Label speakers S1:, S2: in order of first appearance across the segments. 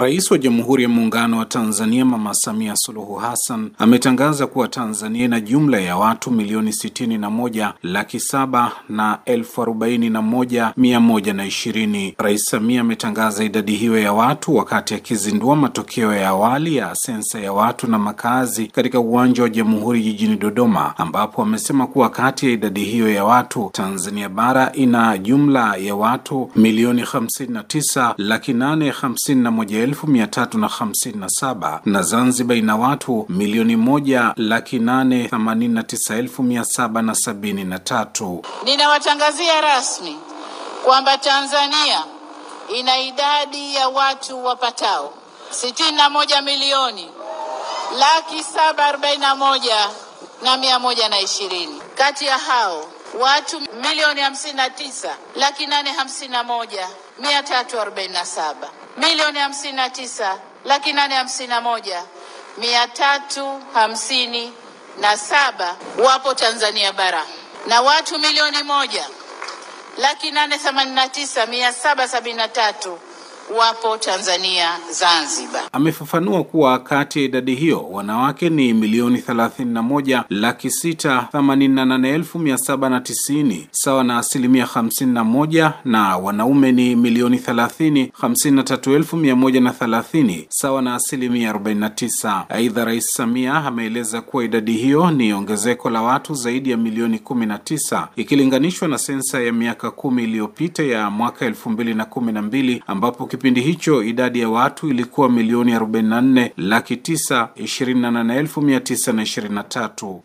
S1: Rais wa Jamhuri ya Muungano wa Tanzania Mama Samia Suluhu Hassan ametangaza kuwa Tanzania ina jumla ya watu milioni sitini na moja laki saba na elfu arobaini na moja mia moja na ishirini. Rais Samia ametangaza idadi hiyo ya watu wakati akizindua matokeo ya awali ya sensa ya watu na makazi katika uwanja wa Jamhuri jijini Dodoma, ambapo amesema kuwa kati ya idadi hiyo ya watu Tanzania bara ina jumla ya watu milioni hamsini na tisa laki nane hamsini na moja 1357 na Zanzibar ina watu milioni moja laki nane themanini na tisa elfu mia saba na sabini na tatu.
S2: Ninawatangazia rasmi kwamba Tanzania ina idadi ya watu wapatao sitini na moja milioni laki saba arobaini na moja na mia moja na ishirini. Kati ya hao watu milioni hamsini na tisa laki nane hamsini na moja mia tatu arobaini na saba milioni hamsini na tisa laki nane hamsini na moja mia tatu hamsini na saba wapo Tanzania bara na watu milioni moja laki nane themanini na tisa mia saba sabini na tatu wapo Tanzania Zanzibar.
S1: Amefafanua kuwa kati ya idadi hiyo wanawake ni milioni 31 laki tisini sawa na asilimia moja na wanaume ni milioni 30 53,130 sawa na asilimia 49. Aidha, Rais Samia ameeleza kuwa idadi hiyo ni ongezeko la watu zaidi ya milioni 19 ikilinganishwa na sensa ya miaka kumi iliyopita ya mwaka 2012 ambapo kipindi hicho idadi ya watu ilikuwa milioni 44 laki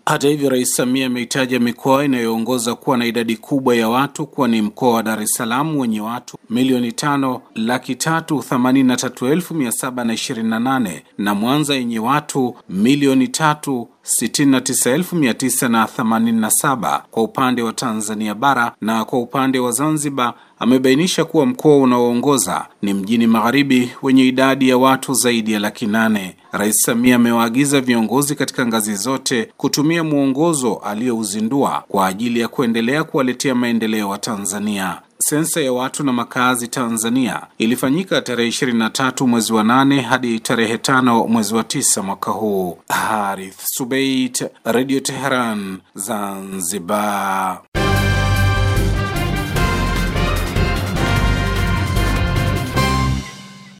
S1: Hata hivyo, Rais Samia ameitaja mikoa inayoongoza kuwa na idadi kubwa ya watu kuwa ni mkoa wa Dar es Salaam wenye watu milioni tano laki na Mwanza yenye watu milioni 3 69987 kwa upande wa Tanzania bara na kwa upande wa Zanzibar amebainisha kuwa mkoa unaoongoza ni mjini magharibi wenye idadi ya watu zaidi ya laki nane. Rais Samia amewaagiza viongozi katika ngazi zote kutumia mwongozo aliyouzindua kwa ajili ya kuendelea kuwaletea maendeleo wa Tanzania sensa ya watu na makazi Tanzania ilifanyika tarehe 23 mwezi wa 8 hadi tarehe 5 mwezi wa 9 mwaka huu. Harith subait Radio Teheran, Zanzibar.